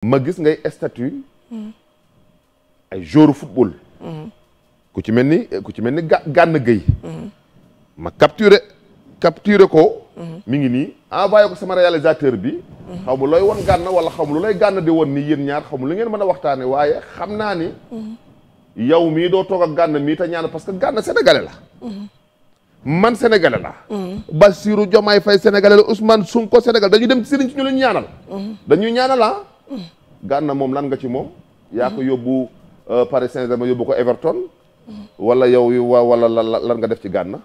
ma gis ngay statut ay joueur football ku ci mel ni ku ci mel ni gànn gëy ma capturé capturé ko mi ngi nii envoyé ko sama réalisateur bi xaw ma looy won gànn wala xaw ma gànn di woon ni yéen ñaar xaw ma lu ngeen mën a waxtaane waaye xam naa ni yow mii doo toog ak gànn mii ta ñaan parce que gànn sénégalais la man sénégalais la Bassirou Diomaye Faye sénégalais la Ousmane Sonko sénégal dañuy dem ci sëriñ si ñu leen ñaanal dañuy ñaanal ah. Gana moom lan nga ci moom. yaa ko yóbbu euh, Paris saint ma yóbbu ko Everton. wala yu wa wala lan nga def ci Gana.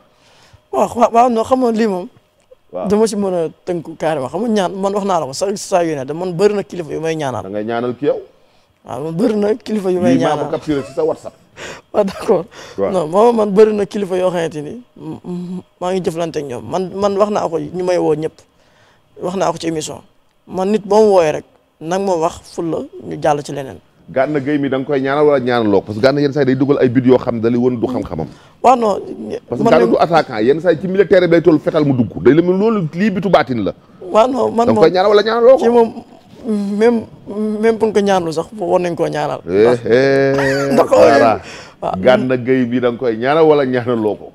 waaw waaw non xam nga lii moom. waaw dama si mën a tënku carrément xam nga ñaan man wax naa la ko sa saa yu ne man bëri na kilifa yu may ñaanal. da ngay ñaanal ki yow. waaw man bëri na kilifa yu may ñaanal lii maa ko capturé si sa WhatsApp. waaw d'accord non moom man na kilifa yoo xamante ni maa ngi jëflante ak ñoom man wax naa ko ñu may woo ñëpp wax naa ko ci émission man nit boo mu rek. nag moo wax fulla ñu jàll ci leneen Gana Gueye mi da koy ñaanal wala ñaanaloo ko parce que Gana yenn saa yi day dugal ay but yoo xam dali woon du xam-xamam waaw non parce que du attaquant yenn saa yi bi lay toll fetal mu dugg day loolu lii bitu baatin la waaw non man da nga koy ñaanal ko moom même même bu ñu ko ñaanlu sax war nañ koo ñaanal ndax eh, eh, waaw Gana Gueye bi da nga koy ñaanal wala ñaanaloo ko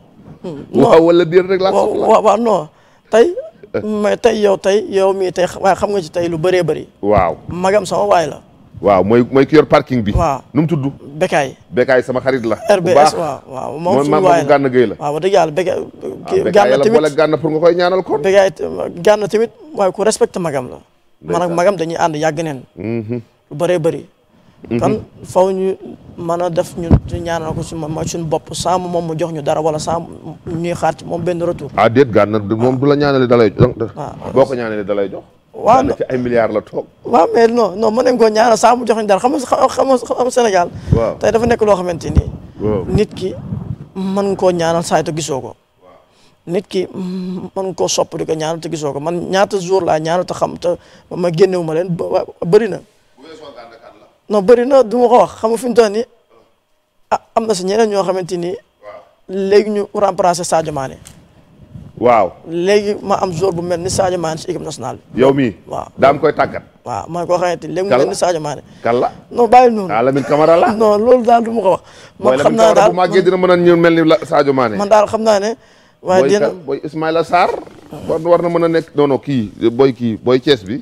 waaw hmm, wala déet rek laa soxla waaw waaw non mais tey yow tey yow mii tey waaye xam nga ci tey lu bëree bëri. waaw magam sama waaye la. waaw mooy mooy ki yor parking bi. waaw nu mu tudd. Bekaay Bekaay sama xarit la. RBS waaw waaw moom suñu waay la moom gànn la. waaw wax dëgg yàlla Bekaay. Ah, gànn tamit wala gànn pour nga koy ñaanal kon. Bekaay gànn tamit waaye ku respecté magam la. man magam dañuy ànd yàgg neen. Mm-hmm. lu bëree Mhm. kon faw ñu mën a def ñu ñaanal ko si ma suñu bopp sans moom mu jox ñu dara wala sans ñuy xaar ci moom benn retour a ah, déet gaan nag moom du la ñaanale dalay jox boo ko ñaanalee dalay jox waaw ay milliards la toog waaw mais non non koo ñaanal saamu mu jox ñu dara xam nga xam Sénégal waaw tey dafa nekk loo xamante nii nit ki mën koo ñaanal saa te gisoo ko nit ki mën nga koo sopp di ko ñaanal te gisoo ko man ñaata jour laa ñaanal te xam te ma génnewu ma leen bëri na no bari na du ma ko wax xam nga fi mu toll ah, am na si ñeneen ñoo xamante ni léegi ñu remplacer Sadio maane waaw léegi ma am jour bu mel ni Sadio Mané si équipe nationale yow mii waaw daam koy tàggat. waaw man koo xamante ni léegi mu mel ni Sadio Mané. kàlla non bàyyi noonu. ah Lamine Camara la non loolu daal du ma ko wax. man xam naa daal bu mën a ñëw mel ni Sadio Mané. man daal xam naa ne. waaye dina booy Ismaïla Sarr. war na mën a nekk non kii booy kii booy cees bi.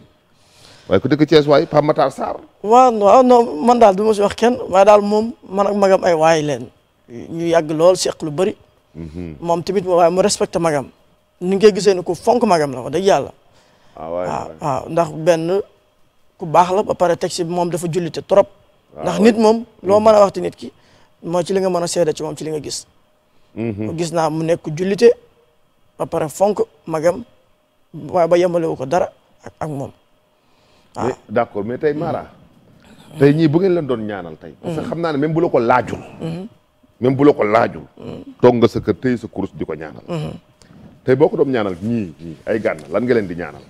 waaye ku dëkk Thiès waay Pape waaw waaw ah, man daal du ma si wax kenn waaye daal moom man ak magam ay waay leen ñu yàgg lool seq lu bari mhm. moom tamit waaye mu respecté magam. ni ngay gisee ni ku fonk magam la wax dëgg yàlla. Ah, waaw ah, ndax benn ku baax la ba pare taxi bi moom dafa jullite trop. ndax nit moom loo mhm. mën a wax ci nit ki moo ci li nga mën a seede ci moom ci li nga gis. Mhm. gis naa mu nekk jullite ba pare fonk magam waaye ba yemalewu ko dara ak ak moom. Ah. mais d' accord mais tey Mara. tey ñii bu ngeen leen doon ñaanal tey. parce xam naa ne même bu la ko laajul. même bu la ko toog nga sa kër tey sa kurus di ko ñaanal. tey boo ko doon ñaanal ñii ñii ay gànn lan nga leen di ñaanal.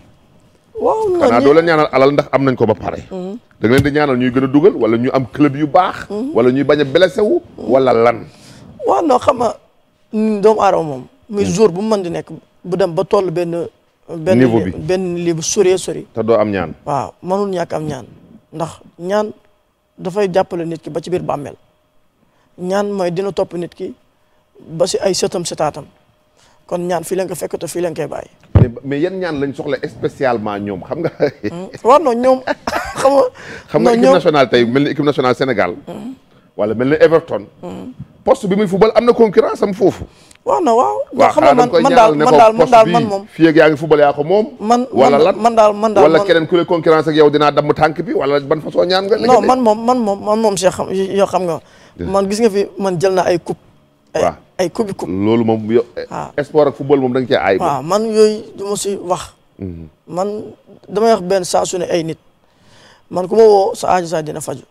waaw loolu xanaa doo leen ñaanal alal ndax am nañ ko ba pare. Mm-hmm. da leen di ñaanal ñuy gën a dugal wala ñu am club yu baax. Mm-hmm. wala ñuy bañ a blessé wu. wala lan. waaw non xam nga doomu aadama moom. muy mm. bu mu mën di nekk bu dem ba toll benn. niveau bi benn lii bu sori sori. te doo am ñaan. waaw mënul ñàkk am ñaan ndax ñaan dafay jàppale nit ki ba ci biir bàmmeel ñaan ma dina topp nit ki ba si ay sëtam sëtaatam kon ñaan fii leen ko fekk te fii mais yan ñaan lañ soxla spécialement ñoom xam nga. Hmm? waaw non ñoom xam nga. xam nga équipe nationale tey mel ni équipe nationale Sénégal. Hmm. wala mel ni Everton. Hmm. poste bi muy football am na concurrence am foofu. waaw na waaw. waaw xam nga man daal man daal man moom fii ak moom. man wala lan man daal man daal wala keneen ku lay concurrence ak yow dinaa damm tànk bi wala ban façon ñaan nga. moom man moom man moom man gis nga fi man jël na ay coupe. waaw ay coupe coupe. loolu moom yow. sport ak football moom da nga cee aay. man yooyu ma si wax. Mhm. man damay wax benn saa su ne ay nit. man ku ma woo sa aajo sa dina faj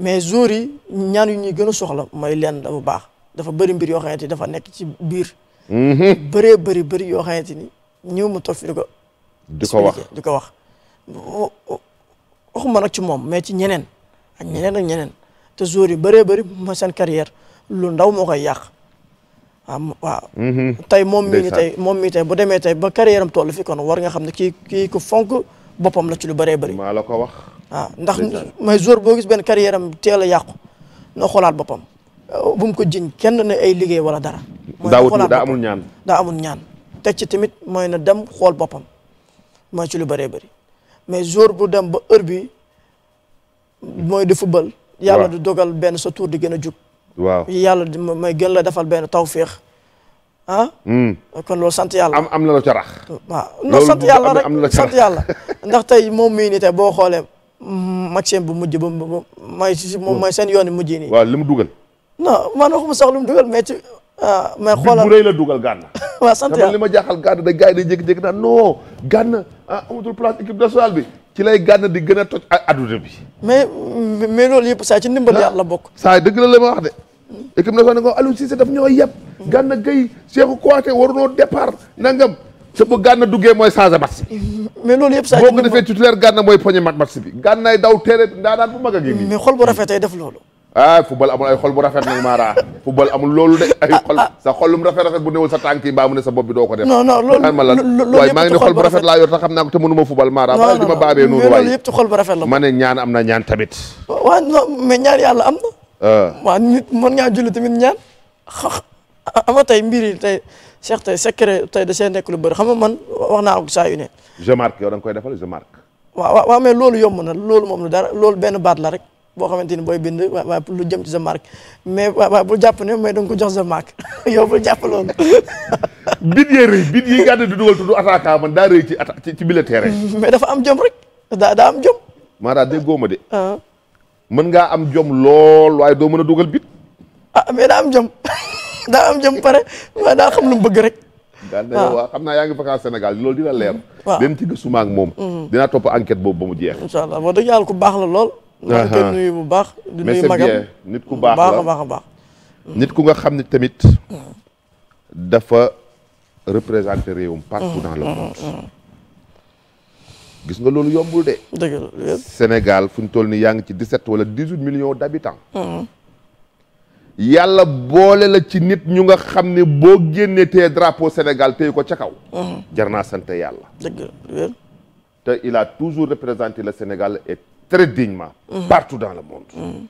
mais jour yi ñaan yu ñuy gën a soxla mooy leen la bu baax. dafa bëri mbir yoo xamante ni dafa nekk ci biir. Mhm. bëree bëri bëri yoo xamante ni ñëw mu toog fi di ko. wax di ko wax. waxuma nag ci moom mais ci ñeneen ak ñeneen ak ñeneen te joueurs yi bëree bëri ma seen carrière lu ndaw moo koy yàq. waaw mhm. tey moom mii ni moom mii tey bu demee tey ba carrière am toll fi kon war nga xam ne kii kii ku fonk boppam la ci lu bëree bëri maa la ko wax waaw ndax may jour boo gis benn carrière am teel a yàqu noo xoolaat boppam bu mu ko jëñ kenn ne ay liggéey wala dara. daawut daa amul ñaan daa amul ñaan. teg ci tamit mooy na dem xool boppam mooy ci lu bëree bëri mais jour bu dem ba heure bi mooy di football. yàlla di dogal benn sa tour di gën a jug. waaw yàlla di may gën la defal benn tawféex ah. Hmm. kon loolu sant yàlla. am am na la ca rax. waaw non sant yàlla rek sant yàlla. ndax tey moom mii nii tey boo xoolee. Maxime bu mujj ba mooy si moom hmm. mooy seen yoon yu mujj nii. waaw li mu dugal. non man waxuma sax lu mu dugal mais ci. Euh, mais dugal gànn. waaw sant yàlla li ma jaaxal gànn da gars yi day jékki-jékki non gànn ah amatul place équipe nationale bi ci lay gànn di gën a toj adduna bi. mais mais yëpp saa ci ndimbal ah, yàlla bokk. saa dëgg la la ma wax de. équipe nationale nga Aliou Cissé daf ñoo yeb. gànn gay Cheikhou Kouyaté waruñoo départ nangam. te bu gànn duggee mooy changé match bi. mais loolu yëpp saa ci boo ko mooy poñe match bi gànnaay daw teere ndaanaan bu mag a ngi. mais xol bu rafetee def loolu. ah football amul ay xol bu rafet nag Mara football amul loolu de ay xol ah, ah, sa xol mu rafet rafet bu new sa tànk yi mbaa mu ne sa bopp bi doo ko def non non loolu waaye maa xol bu rafet laa yor te xam naa ko te mënuma football Mara ba di ma baabee noonu waaye loolu yëpp ci xol bu rafet la ma ne ñaan am na ñaan tamit waaw non mais ñaan yàlla am na ah. waaw nit julli tamit ñaan ama tey mbir yi tey Cheikh tey secret tey da see nekk lu xam nga man wax naa ko saa ne je marque yow da nga koy defal je marque waaw waaw mais loolu yomb na loolu moom lu dara loolu benn baat la rek boo xamante ni booy bind waa lu jëm ci sa marque mais waa bul jàpp ne mais da nga ko jox sa marque yow bul jàpp loolu. bit yee rëy yi nga xam ne du dugal ah, man daa rëy ci atta ci bile terrain. mais dafa am jom rek daa daa am jom. maanaam déggoo ma de. Ah. mën ngaa am jom lool waaye doo mën a dugal bit. ah mais daa am jom daa am jom pare waaye daa xam lu mu bëgg rek. daal na ah. waaw xam naa yaa ngi vacances Sénégal loolu dina leer. waaw dem ci gëstu ma ak moom. Mm. dinaa topp enquête boobu ba mu jeex. incha allah wax dëgg yàlla ku baax na lool. ma bu baax di nuyu mais c'est bien nit ku baax la baax a baax nit ku nga xam ne tamit dafa représenter réewum partout mm. dans le mm, monde mm, gis nga loolu yombul de dëgg la Sénégal fu ñu toll ni yaa ngi ci 17 wala 18 millions d'habitants yàlla boole la ci nit ñu nga xam ne boo génnee tee drapeau Sénégal téye ko ca kaw jar naa sant yàlla te il a toujours représenté la Sénégal très dignement partout dans le monde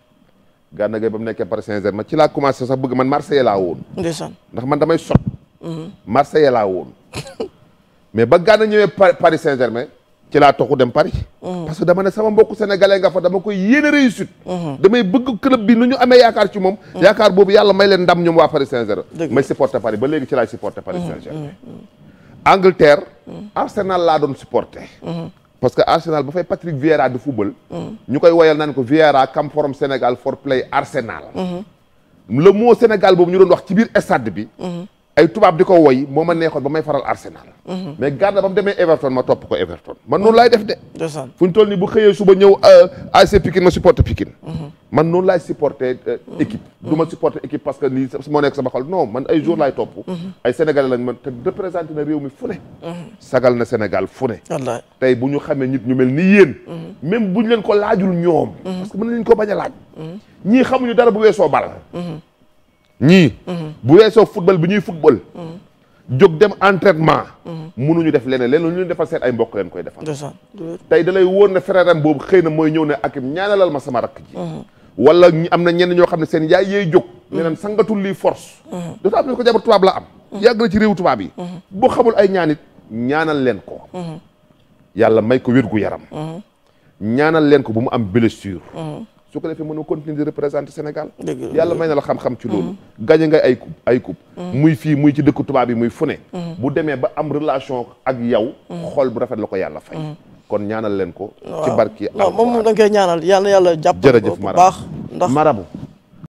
Gana Gueye ba mu nekkee Paris Saint-Germain ci laa commencé sax bëgg man Marseille laa woon ndeysaan ndax man damay sot mhm. Marseille laa woon mais ba Gana ñëwee Paris Saint-Germain ci laa toxu dem Paris mhm. parce que dama ne sama mbokku sénégalais nga fa dama koy yéene réussite mhm. damay bëgg club bi nu ñu amee yaakaar ci moom yaakaar boobu yàlla may leen ndam ñoom waa Paris Saint-Germain may supporter Paris ba léegi ci laay supporter Paris saint laa doon supporter parce que Arsenal ba fay Patrick Vieira de football. ñu koy woyal naan ko Vieira come from Sénégal for play Arsenal. Mm-hmm. le mot Sénégal boobu ñu doon wax ci biir stade bi. ay tubaab di ko woy moo ma neexoon ba may faral Arsenal. Mhm. mais Garna ba mu demee Everton ma topp ko Everton man noonu laay def de. fu ñu toll nii bu xëyee suba ñëw euh, AC Pikine ma supporter Pikine. Mhm. man noonu laay supporter euh, mhm. équipe. du ma équipe parce que lii moo nekk sama xol non man ay jour laay topp. ay sénégalais lañ man te représenté na réew mi fu ne. sagal na Sénégal fu ne. tey bu ñu xamee nit ñu mel ni yéen. même buñ leen ko laajul ñoom. parce a laaj. ñii xamuñu dara bu ñii. Mhm. bu weesoo football bi ñuy football. Mhm. jóg dem entraînement. mënuñu mhm. def leneen leen lu ñu defal seen ay mbokk leen koy defal. tey da lay wóor ne boobu xëy na mooy ñëw ne ak ñaanalal ma sama rakk ji. wala am na ñenn ñoo xam ne seen yaay yeey jóg. ne leen sangatul lii force. dafa am ne ko jabar tubaab la am. yàgg na ci réew tubaab yi. boo xamul ay ñaanit ñaanal leen ko. yàlla may ko wér gu yaram. ñaanal leen ko bu mu am blessure. su ko defee mën a continuer di représenter Sénégal yàlla may na la xam-xam ci loolu mm-hmm. gagné nga ay coupe ay coupe mm-hmm. muy fii muy ci dëkk tubaab yi muy fune mm-hmm. bu demee ba am relation ak yow xool bu rafet la ko yàlla fay kon ñaanal leen ko ci barki non moom da nga koy ñaanal yàlla yàlla jàpp jërëjëf bu baax ndax marabu